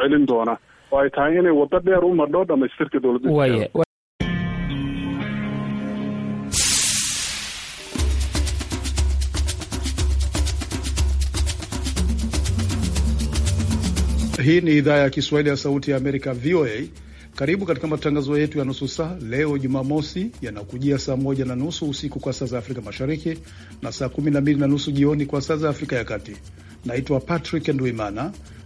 celin doona oo ay tahay inay waddo dheer u madho dhammaystirka dowladda Hii ni idhaa ya Kiswahili ya Sauti ya Amerika, VOA. Karibu katika matangazo yetu ya nusu saa leo Jumamosi, yanakujia saa moja na nusu usiku kwa saa za Afrika Mashariki na saa kumi na mbili na nusu jioni kwa saa za Afrika ya Kati. Naitwa Patrick Nduimana.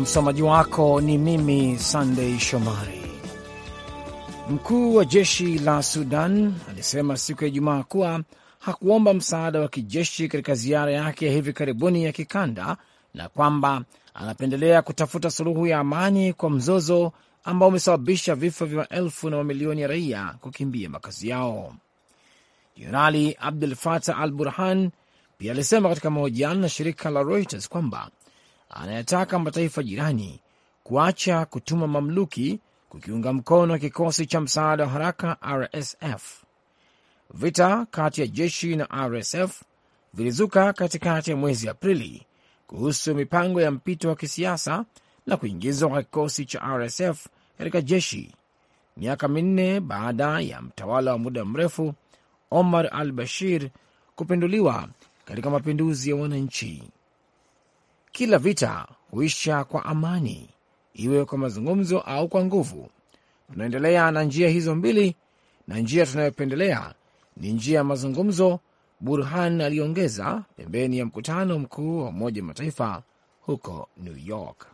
msomaji wako ni mimi Sandei Shomari. Mkuu wa jeshi la Sudan alisema siku ya Ijumaa kuwa hakuomba msaada wa kijeshi katika ziara yake ya hivi karibuni ya kikanda na kwamba anapendelea kutafuta suluhu ya amani kwa mzozo ambao umesababisha vifo vya maelfu na mamilioni ya raia kukimbia makazi yao. Jenerali Abdul Fatah al Burhan pia alisema katika mahojiano na shirika la Reuters kwamba anayataka mataifa jirani kuacha kutuma mamluki kukiunga mkono kikosi cha msaada wa haraka RSF. Vita kati ya jeshi na RSF vilizuka katikati ya mwezi Aprili kuhusu mipango ya mpito wa kisiasa na kuingizwa kwa kikosi cha RSF katika jeshi, miaka minne baada ya mtawala wa muda mrefu Omar al Bashir kupinduliwa katika mapinduzi ya wananchi. Kila vita huisha kwa amani, iwe kwa mazungumzo au kwa nguvu. Tunaendelea na njia hizo mbili, na njia tunayopendelea ni njia ya mazungumzo, Burhan aliongeza, pembeni ya mkutano mkuu wa Umoja Mataifa huko New York.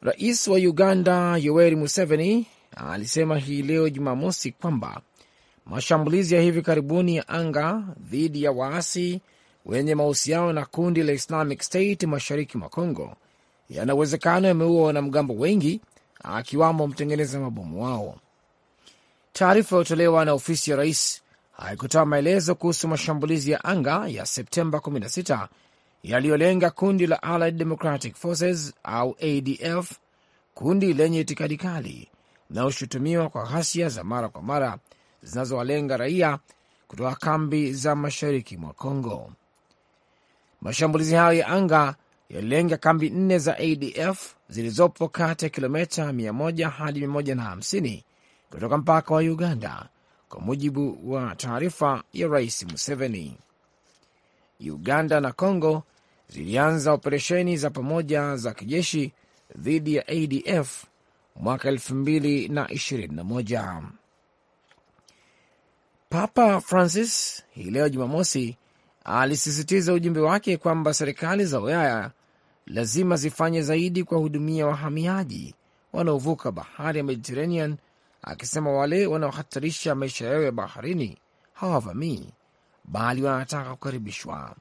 Rais wa Uganda Yoweri Museveni alisema hii leo Jumamosi kwamba mashambulizi ya hivi karibuni ya anga dhidi ya waasi wenye mahusiano na kundi la Islamic State mashariki mwa congo yana uwezekano yameua wanamgambo wengi akiwamo mtengeneza mabomu wao. Taarifa iliyotolewa na ofisi ya rais haikutoa maelezo kuhusu mashambulizi ya anga ya Septemba 16 yaliyolenga kundi la Allied Democratic Forces au ADF, kundi lenye itikadi kali linaloshutumiwa kwa ghasia za mara kwa mara zinazowalenga raia kutoka kambi za mashariki mwa congo Mashambulizi hayo ya anga yalilenga kambi nne za ADF zilizopo kati ya kilomita 100 hadi 150 kutoka mpaka wa Uganda, kwa mujibu wa taarifa ya Rais Museveni. Uganda na Congo zilianza operesheni za pamoja za kijeshi dhidi ya ADF mwaka 2021. Papa Francis hii leo Jumamosi alisisitiza ujumbe wake kwamba serikali za Ulaya lazima zifanye zaidi kuwahudumia wahamiaji wanaovuka bahari ya Mediterranean, akisema wale wanaohatarisha maisha yao ya baharini hawavamii bali wanataka kukaribishwa.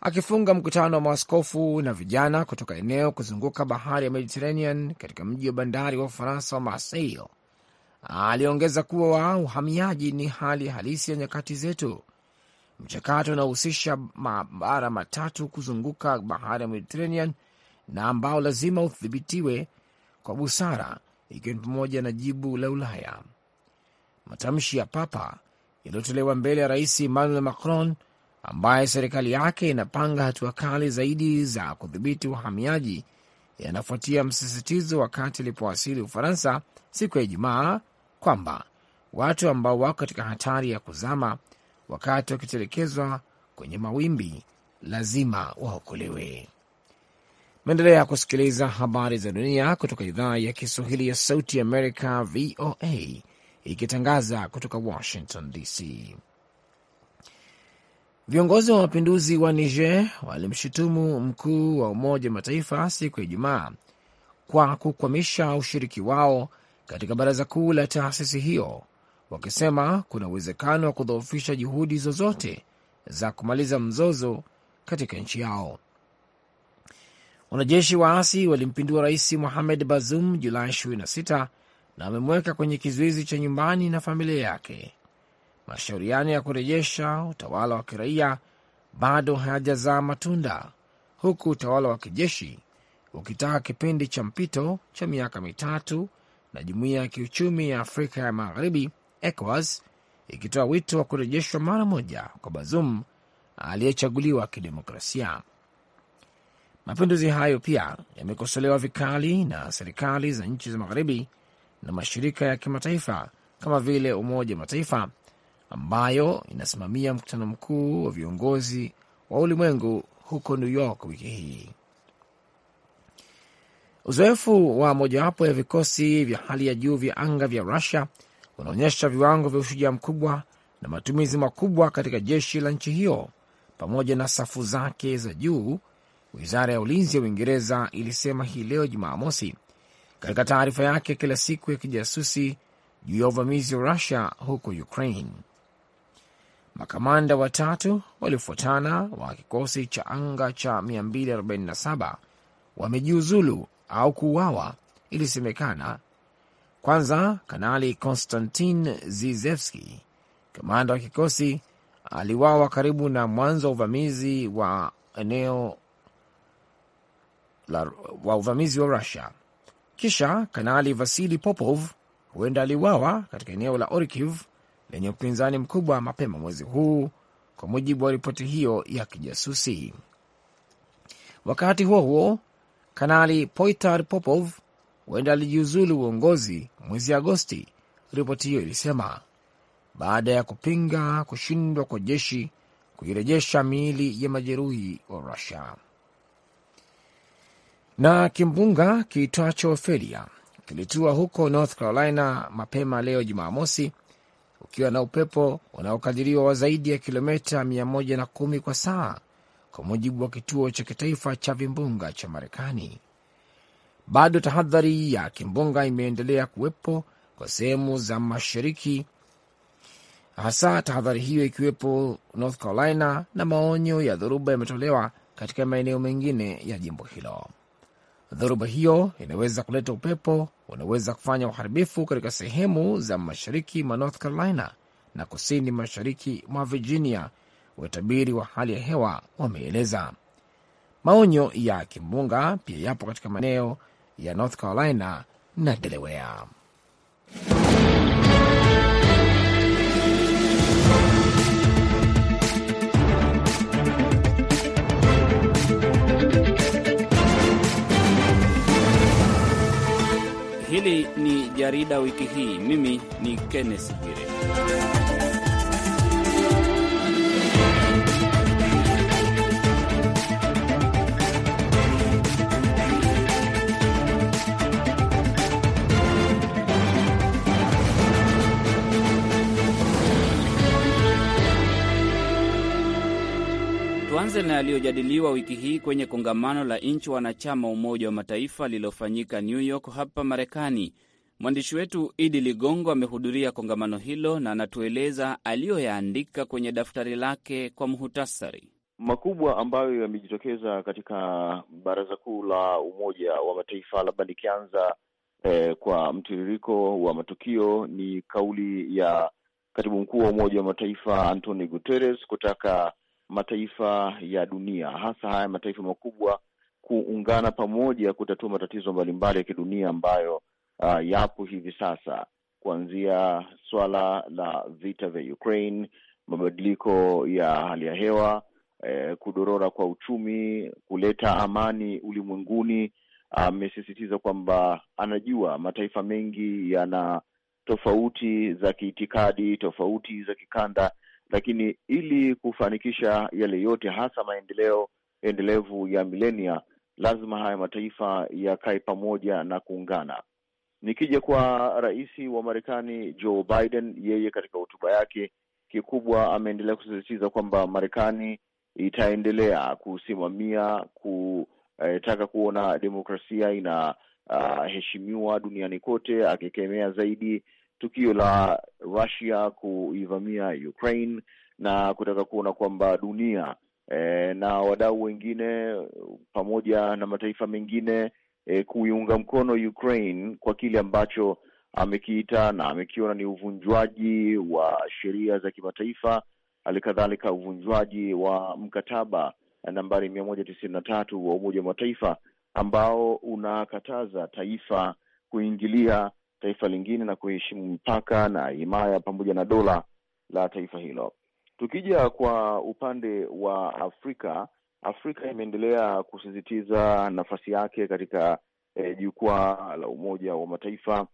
Akifunga mkutano wa maaskofu na vijana kutoka eneo kuzunguka bahari ya Mediterranean katika mji wa bandari wa Ufaransa wa Marseille, aliongeza kuwa uhamiaji ni hali halisi ya nyakati zetu Mchakato unaohusisha mabara matatu kuzunguka bahari ya Mediterranean na ambao lazima uthibitiwe kwa busara, ikiwa ni pamoja na jibu la Ulaya. Matamshi ya Papa yaliyotolewa mbele ya Rais Emmanuel Macron, ambaye serikali yake inapanga hatua kali zaidi za kudhibiti uhamiaji yanafuatia msisitizo wakati alipowasili Ufaransa siku ya Ijumaa kwamba watu ambao wako katika hatari ya kuzama wakati wakitelekezwa kwenye mawimbi lazima waokolewe. Maendelea kusikiliza habari za dunia kutoka idhaa ya Kiswahili ya Sauti Amerika, VOA, ikitangaza kutoka Washington DC. Viongozi wa mapinduzi wa Niger walimshutumu mkuu wa Umoja wa Mataifa siku ya Ijumaa kwa kukwamisha ushiriki wao katika baraza kuu la taasisi hiyo wakisema kuna uwezekano wa kudhoofisha juhudi zozote za kumaliza mzozo katika nchi yao. Wanajeshi waasi walimpindua rais Mohamed Bazoum Julai 26 na wamemweka kwenye kizuizi cha nyumbani na familia yake. Mashauriano ya kurejesha utawala wa kiraia bado hayajazaa matunda, huku utawala wa kijeshi ukitaka kipindi cha mpito cha miaka mitatu na jumuiya ya kiuchumi ya Afrika ya Magharibi ECOWAS ikitoa wito wa kurejeshwa mara moja kwa Bazoum aliyechaguliwa kidemokrasia. Mapinduzi hayo pia yamekosolewa vikali na serikali za nchi za magharibi na mashirika ya kimataifa kama vile Umoja wa Mataifa ambayo inasimamia mkutano mkuu wa viongozi wa ulimwengu huko New York wiki hii. Uzoefu wa mojawapo ya vikosi vya hali ya juu vya anga vya Rusia unaonyesha viwango vya ushujaa mkubwa na matumizi makubwa katika jeshi la nchi hiyo pamoja na safu zake za juu, wizara ya ulinzi ya Uingereza ilisema hii leo Jumamosi katika taarifa yake kila siku ya kijasusi juu ya uvamizi wa Rusia huko Ukraine. Makamanda watatu waliofuatana wa kikosi cha anga cha 247 wamejiuzulu au kuuawa, ilisemekana kwanza, Kanali Konstantin Zizevski, kamanda wa kikosi, aliwawa karibu na mwanzo wa uvamizi wa eneo la, wa uvamizi wa Rusia. Kisha Kanali Vasili Popov huenda aliwawa katika eneo la orikiv lenye upinzani mkubwa mapema mwezi huu, kwa mujibu wa ripoti hiyo ya kijasusi. Wakati huo huo, Kanali Poitar Popov huenda alijiuzulu uongozi mwezi Agosti, ripoti hiyo ilisema, baada ya kupinga kushindwa kwa jeshi kuirejesha miili ya majeruhi wa Rusia. Na kimbunga kiitwacho Ophelia kilitua huko North Carolina mapema leo Jumamosi, ukiwa na upepo unaokadiriwa wa zaidi ya kilometa 110 kwa saa, kwa mujibu wa kituo cha kitaifa cha vimbunga cha Marekani. Bado tahadhari ya kimbunga imeendelea kuwepo kwa sehemu za mashariki, hasa tahadhari hiyo ikiwepo North Carolina, na maonyo ya dhoruba yametolewa katika maeneo mengine ya jimbo hilo. Dhoruba hiyo inaweza kuleta upepo unaweza kufanya uharibifu katika sehemu za mashariki mwa North Carolina na kusini mashariki mwa Virginia, watabiri wa hali ya hewa wameeleza. Maonyo ya kimbunga pia yapo katika maeneo ya North Carolina na Delaware. Hili ni jarida wiki hii. Mimi ni Kenneth Bwire. Tuanze na yaliyojadiliwa wiki hii kwenye kongamano la nchi wanachama Umoja wa Mataifa lililofanyika New York hapa Marekani. Mwandishi wetu Idi Ligongo amehudhuria kongamano hilo na anatueleza aliyoyaandika kwenye daftari lake kwa muhutasari. Makubwa ambayo yamejitokeza katika Baraza Kuu la Umoja wa Mataifa, labda nikianza eh, kwa mtiririko wa matukio, ni kauli ya katibu mkuu wa Umoja wa Mataifa Antonio Guterres kutaka mataifa ya dunia, hasa haya mataifa makubwa kuungana pamoja kutatua matatizo mbalimbali ya kidunia ambayo uh, yapo hivi sasa, kuanzia swala la vita vya Ukraine, mabadiliko ya hali ya hewa eh, kudorora kwa uchumi, kuleta amani ulimwenguni. Uh, amesisitiza uh, kwamba anajua mataifa mengi yana tofauti za kiitikadi, tofauti za kikanda, lakini ili kufanikisha yale yote, hasa maendeleo endelevu ya milenia, lazima haya mataifa yakae pamoja na kuungana. Nikija kwa rais wa Marekani Joe Biden, yeye katika hotuba yake kikubwa ameendelea kusisitiza kwamba Marekani itaendelea kusimamia kutaka eh, kuona demokrasia inaheshimiwa ah, uh, duniani kote, akikemea zaidi tukio la Russia kuivamia Ukraine na kutaka kuona kwamba dunia e, na wadau wengine pamoja na mataifa mengine e, kuiunga mkono Ukraine kwa kile ambacho amekiita na amekiona ni uvunjwaji wa sheria za kimataifa, halikadhalika uvunjwaji wa mkataba nambari mia moja tisini na tatu wa Umoja wa Mataifa ambao unakataza taifa kuingilia taifa lingine na kuheshimu mpaka na himaya pamoja na dola la taifa hilo. Tukija kwa upande wa Afrika, Afrika imeendelea kusisitiza nafasi yake katika eh, jukwaa eh, la Umoja wa Mataifa,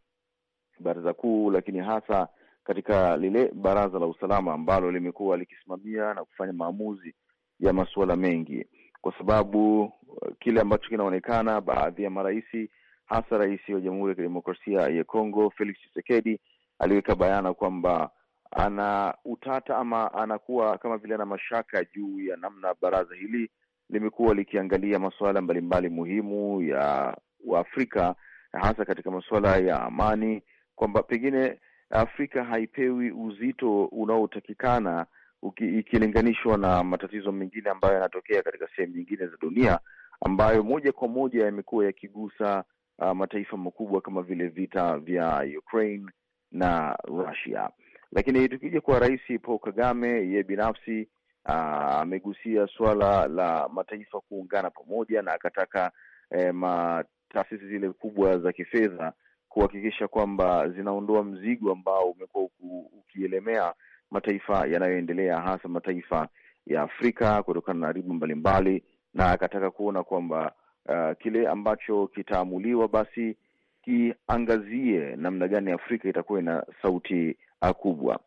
baraza kuu, lakini hasa katika lile baraza la usalama ambalo limekuwa likisimamia na kufanya maamuzi ya masuala mengi, kwa sababu eh, kile ambacho kinaonekana baadhi ya marais hasa rais wa Jamhuri ya Kidemokrasia ya Kongo Felix Tshisekedi aliweka bayana kwamba ana utata ama anakuwa kama vile ana mashaka juu ya namna baraza hili limekuwa likiangalia masuala mbalimbali muhimu ya Waafrika hasa katika masuala ya amani, kwamba pengine Afrika haipewi uzito unaotakikana ikilinganishwa na matatizo mengine ambayo yanatokea katika sehemu nyingine za dunia ambayo moja kwa moja yamekuwa yakigusa uh, mataifa makubwa kama vile vita vya Ukraine na Russia. Lakini tukija kwa Rais Paul Kagame, ye binafsi uh, amegusia suala la mataifa kuungana pamoja na akataka eh, taasisi zile kubwa za kifedha kuhakikisha kwamba zinaondoa mzigo ambao umekuwa ukielemea mataifa yanayoendelea hasa mataifa ya Afrika kutokana na riba mbalimbali, na akataka kuona kwamba uh, kile ambacho kitaamuliwa basi kiangazie namna gani Afrika itakuwa ina sauti uh, kubwa.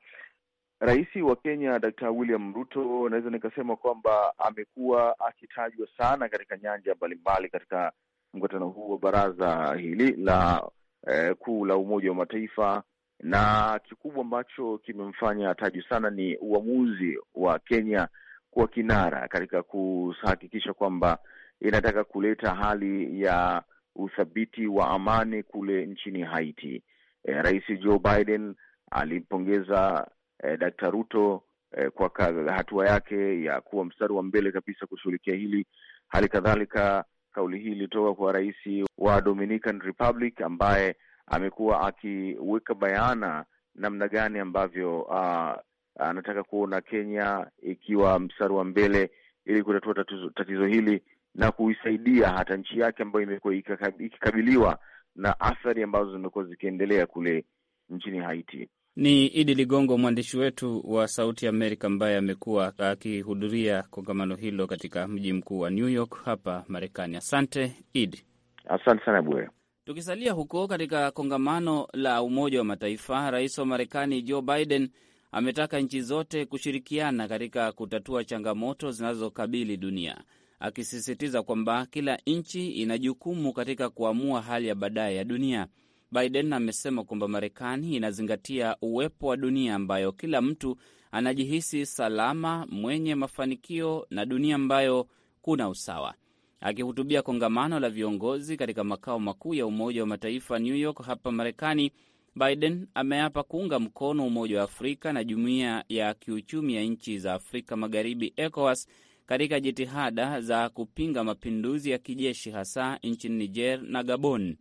Rais wa Kenya Dr. William Ruto, naweza nikasema kwamba amekuwa akitajwa sana katika nyanja mbalimbali katika mkutano huu wa baraza hili la eh, kuu la Umoja wa Mataifa, na kikubwa ambacho kimemfanya tajwa sana ni uamuzi wa Kenya kuwa kinara katika kuhakikisha kwamba inataka kuleta hali ya uthabiti wa amani kule nchini Haiti. E, Rais Joe Biden alimpongeza e, Dkta Ruto e, kwa hatua yake ya kuwa mstari wa mbele kabisa kushughulikia hili. Hali kadhalika kauli hii ilitoka kwa rais wa Dominican Republic ambaye amekuwa akiweka bayana namna gani ambavyo uh, anataka kuona Kenya ikiwa mstari wa mbele ili kutatua tatizo hili na kuisaidia hata nchi yake ambayo imekuwa ikikabiliwa na athari ambazo zimekuwa zikiendelea kule nchini Haiti. Ni Idi Ligongo, mwandishi wetu wa Sauti ya Amerika, ambaye amekuwa akihudhuria kongamano hilo katika mji mkuu wa New York hapa Marekani. Asante Idi. Asante sana Bwere. Tukisalia huko katika kongamano la Umoja wa Mataifa, rais wa Marekani Joe Biden ametaka nchi zote kushirikiana katika kutatua changamoto zinazokabili dunia akisisitiza kwamba kila nchi ina jukumu katika kuamua hali ya baadaye ya dunia. Biden amesema kwamba Marekani inazingatia uwepo wa dunia ambayo kila mtu anajihisi salama, mwenye mafanikio na dunia ambayo kuna usawa. Akihutubia kongamano la viongozi katika makao makuu ya Umoja wa Mataifa New York hapa Marekani, Biden ameapa kuunga mkono Umoja wa Afrika na Jumuiya ya Kiuchumi ya Nchi za Afrika Magharibi, ECOWAS katika jitihada za kupinga mapinduzi ya kijeshi hasa nchini Niger na Gabon.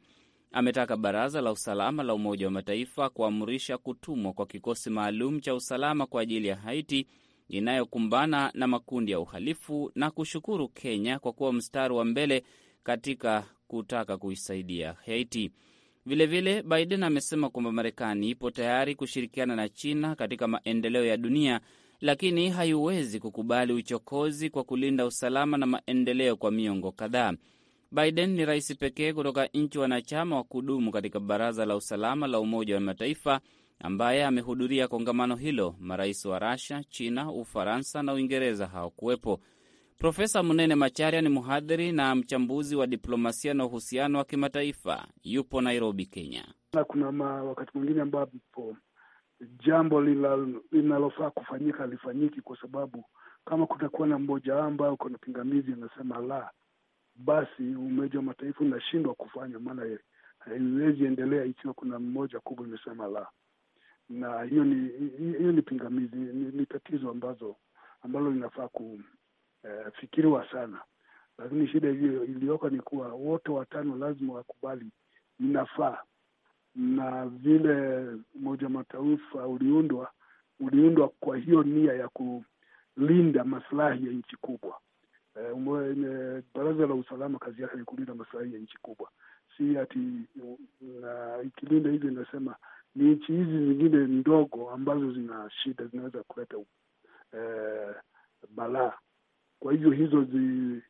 Ametaka Baraza la Usalama la Umoja wa Mataifa kuamrisha kutumwa kwa kikosi maalum cha usalama kwa ajili ya Haiti inayokumbana na makundi ya uhalifu na kushukuru Kenya kwa kuwa mstari wa mbele katika kutaka kuisaidia Haiti. Vilevile Biden amesema kwamba Marekani ipo tayari kushirikiana na China katika maendeleo ya dunia lakini haiwezi kukubali uchokozi kwa kulinda usalama na maendeleo kwa miongo kadhaa. Biden ni rais pekee kutoka nchi wanachama wa kudumu katika Baraza la Usalama la Umoja wa Mataifa ambaye amehudhuria kongamano hilo. Marais wa Rasia, China, Ufaransa na Uingereza hawakuwepo. Profesa Munene Macharia ni mhadhiri na mchambuzi wa diplomasia na uhusiano wa kimataifa, yupo Nairobi, Kenya. Kuna ma, wakati mwingine ambapo jambo linalofaa kufanyika halifanyiki, kwa sababu kama kutakuwa na mmoja amba au kuna pingamizi anasema la, basi Umoja wa Mataifa unashindwa kufanya, maana haiwezi endelea ikiwa kuna mmoja kubwa imesema la, na hiyo ni hiyo ni pingamizi, ni, ni tatizo ambazo ambalo linafaa kufikiriwa eh, sana. Lakini shida iliyoko ni kuwa wote watano lazima wakubali inafaa na vile Umoja Mataifa uliundwa uliundwa kwa hiyo nia ya kulinda maslahi ya nchi kubwa. E, Baraza la Usalama kazi yake ni kulinda maslahi ya nchi kubwa, si ati na ikilinda hizi inasema ni nchi hizi zingine ndogo ambazo zina shida zinaweza kuleta e, balaa. Kwa hivyo hizo zi,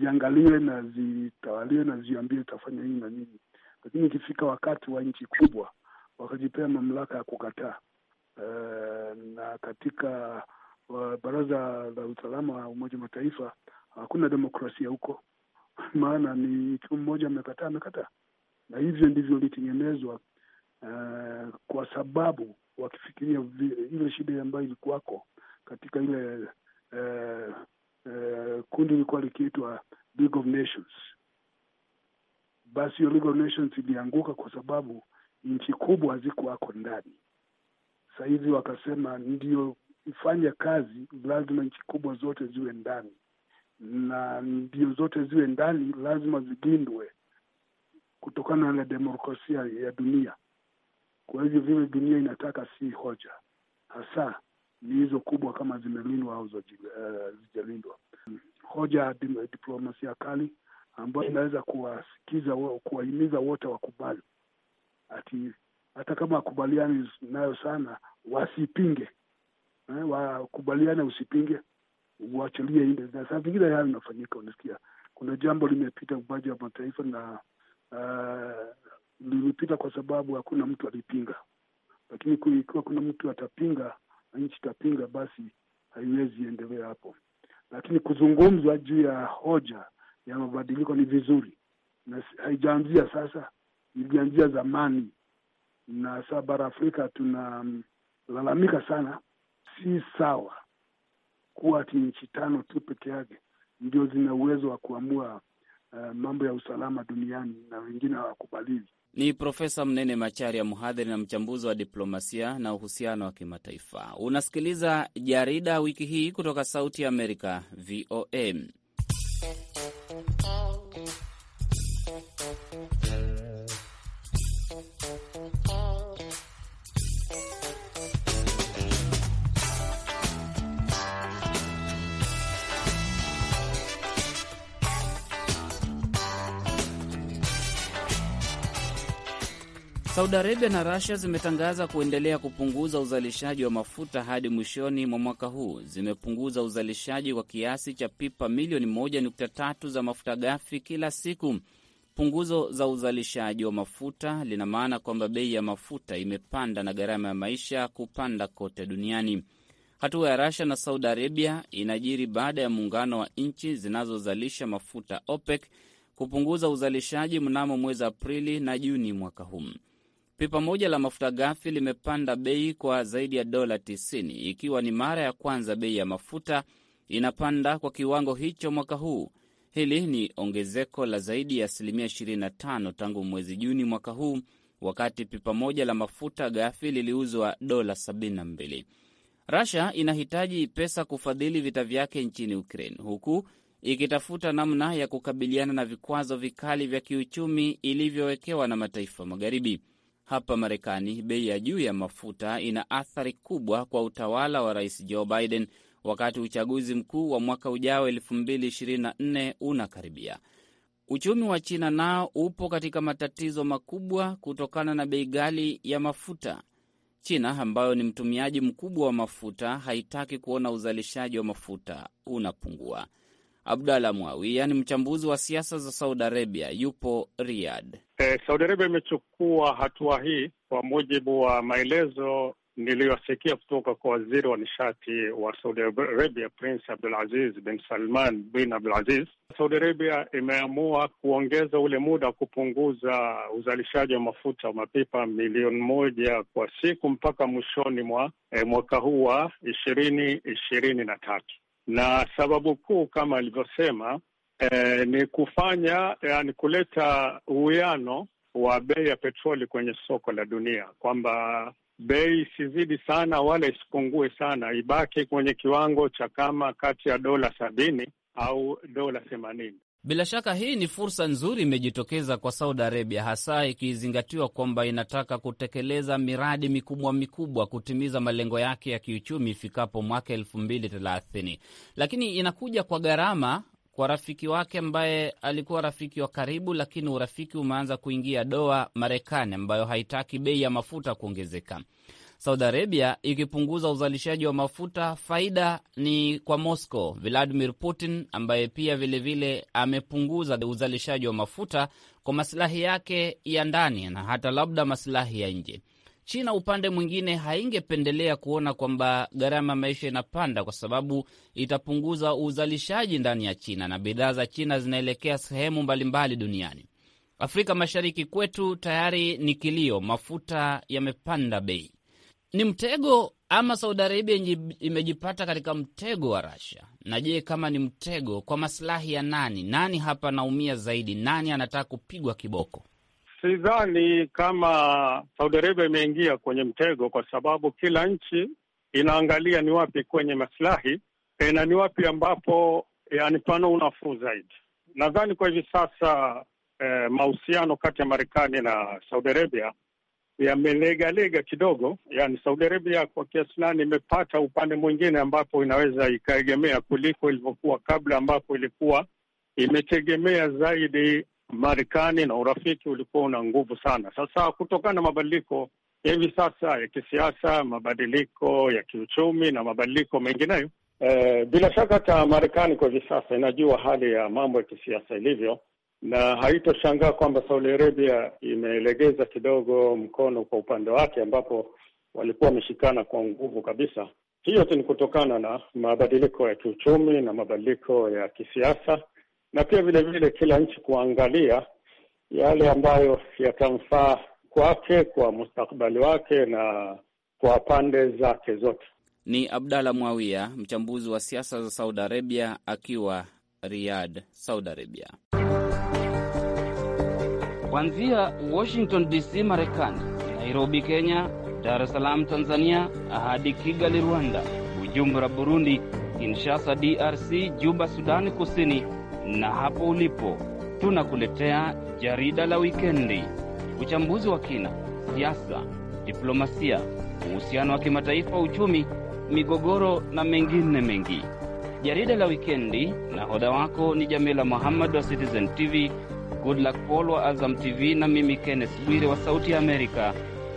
ziangaliwe na zitawaliwe na ziambie itafanya hii na nini lakini ikifika wakati wa nchi kubwa wakajipea mamlaka ya kukataa. E, na katika eh, baraza la usalama wa Umoja Mataifa hakuna demokrasia huko maana ni tu mmoja amekataa, amekataa, na hivyo ndivyo ilitengenezwa uh, kwa sababu wakifikiria ile shida ambayo ilikuwako katika ile uh, uh, kundi ilikuwa likiitwa League of Nations basi hiyo League of Nations ilianguka kwa sababu nchi kubwa hazikuwako ndani. Sasa hivi wakasema ndio ifanye kazi, lazima nchi kubwa zote ziwe ndani, na ndio zote ziwe ndani, lazima zilindwe kutokana na demokrasia ya dunia. Kwa hivyo vile dunia inataka si hoja hasa ni hizo kubwa kama zimelindwa au zijalindwa. Uh, hoja ya diplomasia kali ambayo inaweza kuwasikiza, kuwahimiza wote wakubali, ati hata kama wakubaliani nayo sana wasipinge, eh, wakubaliane, usipinge, uachilie ile. Na saa zingine hayo inafanyika, unasikia kuna jambo limepita ubaji wa Mataifa na uh, lilipita kwa sababu hakuna mtu alipinga, lakini ikiwa kuna mtu atapinga, nchi itapinga, basi haiwezi endelea hapo. Lakini kuzungumzwa juu ya hoja ya mabadiliko ni vizuri, na haijaanzia sasa, ilianzia zamani. Na saa bara Afrika tunalalamika sana. Si sawa kuwa ati nchi tano tu peke yake ndio zina uwezo wa kuamua uh, mambo ya usalama duniani na wengine hawakubalili. Ni Profesa Mnene Macharia, mhadhiri na mchambuzi wa diplomasia na uhusiano wa kimataifa. Unasikiliza jarida wiki hii kutoka Sauti ya Amerika, VOM. Thank you. Saudi Arabia na rasia zimetangaza kuendelea kupunguza uzalishaji wa mafuta hadi mwishoni mwa mwaka huu. Zimepunguza uzalishaji kwa kiasi cha pipa milioni 1.3 za mafuta ghafi kila siku. Punguzo za uzalishaji wa mafuta lina maana kwamba bei ya mafuta imepanda na gharama ya maisha kupanda kote duniani. Hatua ya rasia na Saudi Arabia inajiri baada ya muungano wa nchi zinazozalisha mafuta OPEC kupunguza uzalishaji mnamo mwezi Aprili na Juni mwaka huu. Pipa moja la mafuta ghafi limepanda bei kwa zaidi ya dola 90 ikiwa ni mara ya kwanza bei ya mafuta inapanda kwa kiwango hicho mwaka huu. Hili ni ongezeko la zaidi ya asilimia 25 tangu mwezi Juni mwaka huu, wakati pipa moja la mafuta ghafi liliuzwa dola 72. rasia inahitaji pesa kufadhili vita vyake nchini Ukraine, huku ikitafuta namna ya kukabiliana na vikwazo vikali vya kiuchumi ilivyowekewa na mataifa magharibi. Hapa Marekani, bei ya juu ya mafuta ina athari kubwa kwa utawala wa Rais Joe Biden wakati uchaguzi mkuu wa mwaka ujao 2024 unakaribia. Uchumi wa China nao upo katika matatizo makubwa kutokana na bei ghali ya mafuta. China ambayo ni mtumiaji mkubwa wa mafuta haitaki kuona uzalishaji wa mafuta unapungua. abdalah Mwawiya ni mchambuzi wa siasa za Saudi Arabia, yupo Riyadh. E, Saudi Arabia imechukua hatua hii kwa mujibu wa maelezo niliyoasikia kutoka kwa waziri wa nishati wa Saudi Arabia Prince Abdul Aziz bin Salman bin Abdul Aziz. Saudi Arabia imeamua kuongeza ule muda wa kupunguza uzalishaji wa mafuta wa mapipa milioni moja kwa siku mpaka mwishoni mwa e, mwaka huu wa ishirini ishirini na tatu na sababu kuu kama alivyosema e, ni kufanya yani eh, kuleta uwiano wa bei ya petroli kwenye soko la dunia kwamba bei isizidi sana wala isipungue sana, ibaki kwenye kiwango cha kama kati ya dola sabini au dola themanini. Bila shaka hii ni fursa nzuri imejitokeza kwa Saudi Arabia, hasa ikizingatiwa kwamba inataka kutekeleza miradi mikubwa mikubwa kutimiza malengo yake ya kiuchumi ifikapo mwaka elfu mbili thelathini, lakini inakuja kwa gharama kwa rafiki wake ambaye alikuwa rafiki wa karibu, lakini urafiki umeanza kuingia doa, Marekani ambayo haitaki bei ya mafuta kuongezeka. Saudi Arabia ikipunguza uzalishaji wa mafuta, faida ni kwa Moscow. Vladimir Putin ambaye pia vilevile vile amepunguza uzalishaji wa mafuta kwa masilahi yake ya ndani na hata labda masilahi ya nje. China upande mwingine haingependelea kuona kwamba gharama maisha inapanda, kwa sababu itapunguza uzalishaji ndani ya China na bidhaa za China zinaelekea sehemu mbalimbali duniani. Afrika Mashariki kwetu tayari ni kilio, mafuta yamepanda bei. Ni mtego ama Saudi Arabia imejipata katika mtego wa Russia? Na je, kama ni mtego, kwa masilahi ya nani? Nani hapa anaumia zaidi? Nani anataka kupigwa kiboko? Sidhani kama Saudi Arabia imeingia kwenye mtego, kwa sababu kila nchi inaangalia ni wapi kwenye e, na ni wapi ambapo yani pana unafuu zaidi. Nadhani kwa hivi sasa e, mahusiano kati ya Marekani na Saudi Arabia yamelegalega kidogo, yani Saudi Arabia kwa kiasi fulani imepata upande mwingine ambapo inaweza ikaegemea kuliko ilivyokuwa kabla, ambapo ilikuwa imetegemea zaidi Marekani na urafiki ulikuwa una nguvu sana. Sasa kutokana na mabadiliko ya hivi sasa ya kisiasa, mabadiliko ya kiuchumi na mabadiliko mengineyo, e, bila shaka hata Marekani kwa hivi sasa inajua hali ya mambo ya kisiasa ilivyo, na haitoshangaa kwamba Saudi Arabia imelegeza kidogo mkono kwa upande wake, ambapo walikuwa wameshikana kwa nguvu kabisa. Hiyo yote ni kutokana na mabadiliko ya kiuchumi na mabadiliko ya kisiasa na pia vile vile kila nchi kuangalia yale ambayo yatamfaa kwake kwa mustakbali wake na kwa pande zake zote. Ni Abdalla Mwawia, mchambuzi wa siasa za Saudi Arabia, akiwa Riyadh, Saudi Arabia. Kuanzia Washington DC, Marekani, Nairobi, Kenya, Dar es Salaam, Tanzania, hadi Kigali, Rwanda, Bujumbura, Burundi, Kinshasa, DRC, Juba, Sudani Kusini na hapo ulipo tunakuletea jarida la wikendi, uchambuzi wa kina, siasa, diplomasia, uhusiano wa kimataifa, uchumi, migogoro na mengine mengi. Jarida la wikendi, nahodha wako ni Jamila Muhammad wa Citizen TV, Goodluck Paul wa Azam TV na mimi Kenneth Bwire wa Sauti ya Amerika,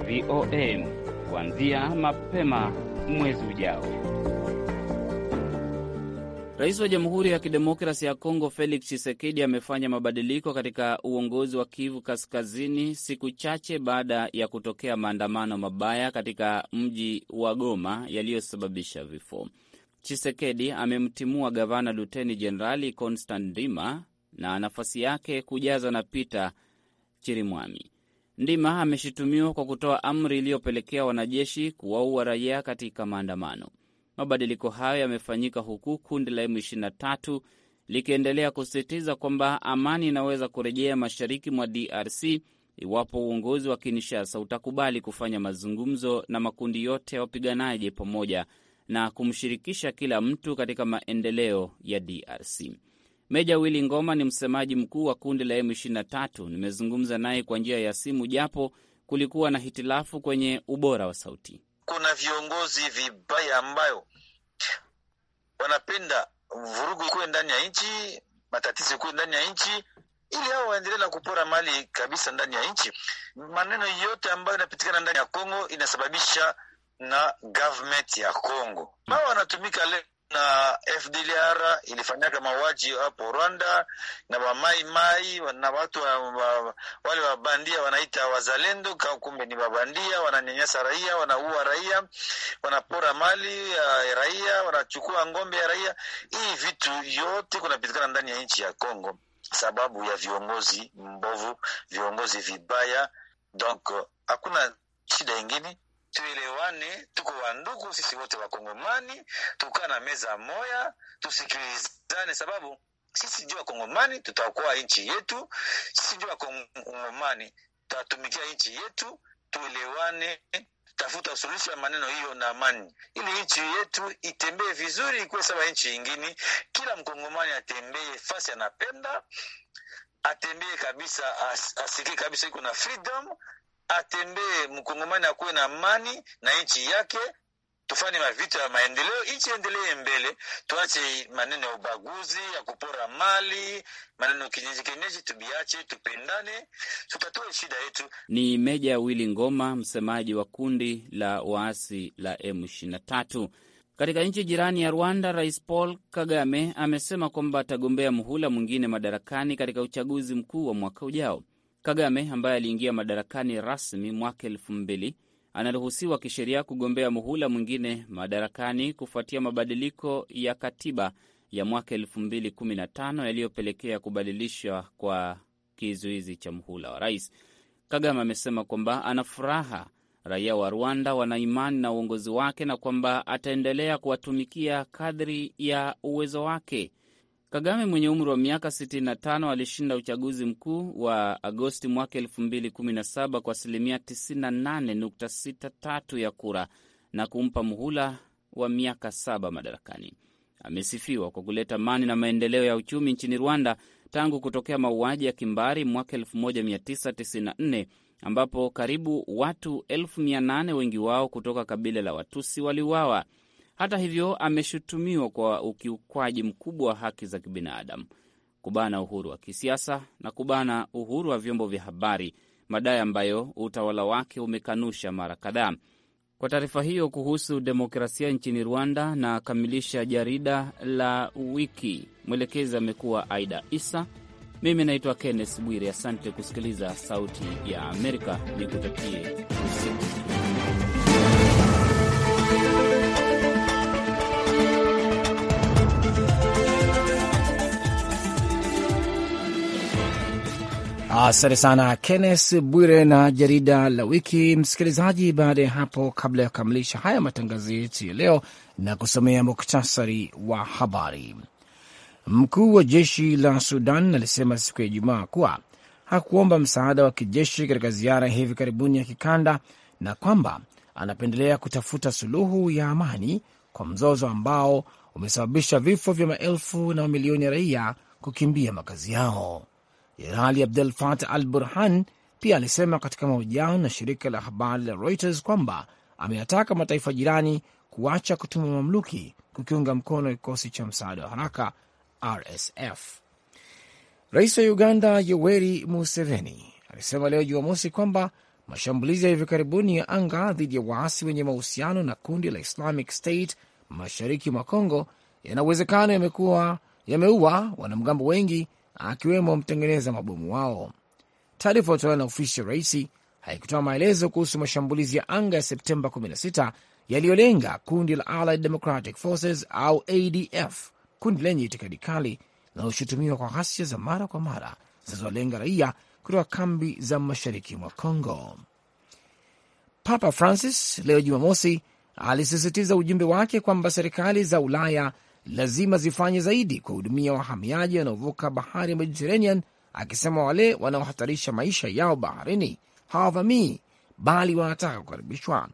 VOA, kuanzia mapema mwezi ujao. Rais wa Jamhuri ya Kidemokrasi ya Kongo Felix Tshisekedi amefanya mabadiliko katika uongozi wa Kivu Kaskazini siku chache baada ya kutokea maandamano mabaya katika mji wa Goma yaliyosababisha vifo. Tshisekedi amemtimua gavana Luteni Jenerali Constant Ndima na nafasi yake kujaza na Peter Chirimwami. Ndima ameshutumiwa kwa kutoa amri iliyopelekea wanajeshi kuwaua raia katika maandamano. Mabadiliko hayo yamefanyika huku kundi la M23 likiendelea kusisitiza kwamba amani inaweza kurejea mashariki mwa DRC iwapo uongozi wa Kinshasa utakubali kufanya mazungumzo na makundi yote ya wapiganaji pamoja na kumshirikisha kila mtu katika maendeleo ya DRC. Meja Willy Ngoma ni msemaji mkuu wa kundi la M23. Nimezungumza naye kwa njia ya simu, japo kulikuwa na hitilafu kwenye ubora wa sauti kuna viongozi vibaya ambayo wanapenda vurugu kuwe ndani ya nchi, matatizo kuwe ndani ya nchi, ili hao waendelee na kupora mali kabisa ndani ya nchi. Maneno yote ambayo inapitikana ndani ya Kongo inasababisha na government ya Kongo, bao wanatumika leo na FDLR ilifanyaka mauaji hapo Rwanda na wamai mai na watu wa, wa, wale wabandia wanaita wazalendo, kumbe ni wabandia, wananyanyasa raia, wanaua raia, wanapora mali ya raia, wanachukua ngombe ya raia. Hii vitu yote kunapitikana ndani ya nchi ya Kongo sababu ya viongozi mbovu, viongozi vibaya. Donc hakuna shida ingine tuelewane, tuko wandugu sisi wote Wakongomani, tukaa na meza moya, tusikilizane sababu sisi juu Wakongomani tutaokoa nchi yetu, sisi juu Wakongomani tutatumikia nchi yetu. Tuelewane, tafuta suluhisho ya maneno hiyo na amani, ili nchi yetu itembee vizuri, ikuwe sawa nchi ingine. Kila Mkongomani atembee fasi anapenda, atembee kabisa, asikie kabisa iko na freedom atembee, mkongomani akuwe na amani na nchi yake. Tufanye mavita ya maendeleo, nchi endelee mbele. Tuache maneno ya ubaguzi ya kupora mali, maneno kinyeji kinyeji, tubiache, tupendane, tutatoe shida yetu. Ni Meja Willy Ngoma, msemaji wa kundi la waasi la M23. Katika nchi jirani ya Rwanda, Rais Paul Kagame amesema kwamba atagombea muhula mwingine madarakani katika uchaguzi mkuu wa mwaka ujao. Kagame ambaye aliingia madarakani rasmi mwaka elfu mbili anaruhusiwa kisheria kugombea muhula mwingine madarakani kufuatia mabadiliko ya katiba ya mwaka elfu mbili kumi na tano yaliyopelekea kubadilishwa kwa kizuizi cha muhula wa rais. Kagame amesema kwamba ana furaha raia wa Rwanda wana imani na uongozi wake na kwamba ataendelea kuwatumikia kadri ya uwezo wake. Kagame mwenye umri wa miaka 65 alishinda uchaguzi mkuu wa Agosti mwaka 2017 kwa asilimia 98.63 ya kura na kumpa muhula wa miaka saba madarakani. Amesifiwa kwa kuleta amani na maendeleo ya uchumi nchini Rwanda tangu kutokea mauaji ya kimbari mwaka 1994 ambapo karibu watu 8 wengi wao kutoka kabila la Watusi waliuawa. Hata hivyo, ameshutumiwa kwa ukiukwaji mkubwa wa haki za kibinadamu, kubana uhuru wa kisiasa na kubana uhuru wa vyombo vya habari, madai ambayo utawala wake umekanusha mara kadhaa. Kwa taarifa hiyo kuhusu demokrasia nchini Rwanda na kamilisha jarida la wiki. Mwelekezi amekuwa Aida Isa. Mimi naitwa Kennes Bwire, asante kusikiliza Sauti ya Amerika. Nikutakie usiku Asante sana Kenneth Bwire na jarida la wiki. Msikilizaji, baada ya hapo, kabla ya kukamilisha haya matangazo yetu ya leo na kusomea muktasari wa habari, mkuu wa jeshi la Sudan alisema siku ya Ijumaa kuwa hakuomba msaada wa kijeshi katika ziara hivi karibuni ya kikanda na kwamba anapendelea kutafuta suluhu ya amani kwa mzozo ambao umesababisha vifo vya maelfu na mamilioni ya raia kukimbia makazi yao. Jenerali Abdel Fattah al Burhan pia alisema katika mahojiano na shirika la habari la Reuters kwamba ameyataka mataifa jirani kuacha kutuma mamluki kukiunga mkono kikosi cha msaada wa haraka RSF. Rais wa Uganda Yoweri Museveni alisema leo Jumamosi kwamba mashambulizi ya hivi karibuni ya anga dhidi ya waasi wenye mahusiano na kundi la Islamic State mashariki mwa Congo yana uwezekano yameua wanamgambo wengi akiwemo mtengeneza mabomu wao. Taarifa iliyotolewa na ofisi ya rais haikutoa maelezo kuhusu mashambulizi ya anga ya Septemba 16 yaliyolenga kundi la Allied Democratic Forces au ADF, kundi lenye itikadi kali linaloshutumiwa kwa ghasia za mara kwa mara zinazolenga raia kutoka kambi za mashariki mwa Congo. Papa Francis leo Jumamosi alisisitiza ujumbe wake kwamba serikali za Ulaya lazima zifanye zaidi kuwahudumia wahamiaji wanaovuka bahari ya Mediterranean, akisema wale wanaohatarisha maisha yao baharini hawavamii bali wanataka kukaribishwa.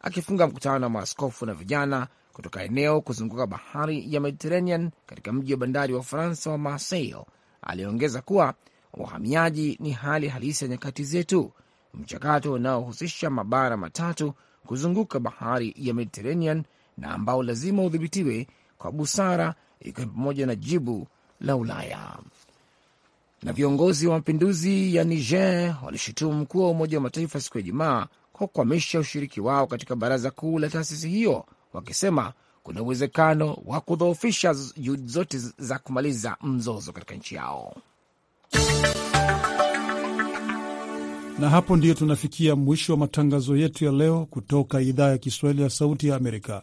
Akifunga mkutano na maaskofu na vijana kutoka eneo kuzunguka bahari ya Mediterranean katika mji wa bandari wa Ufaransa wa Marseille, aliongeza kuwa uhamiaji ni hali halisi ya nyakati zetu, mchakato unaohusisha mabara matatu kuzunguka bahari ya Mediterranean na ambao lazima udhibitiwe kwa busara, ikiwa ni pamoja na jibu la Ulaya. Na viongozi wa mapinduzi ya Niger walishutumu mkuu wa Umoja wa Mataifa siku ya Ijumaa kwa kukwamisha ushiriki wao katika baraza kuu la taasisi hiyo, wakisema kuna uwezekano wa kudhoofisha juhudi zote za kumaliza mzozo katika nchi yao. Na hapo ndiyo tunafikia mwisho wa matangazo yetu ya leo kutoka idhaa ya Kiswahili ya Sauti ya Amerika.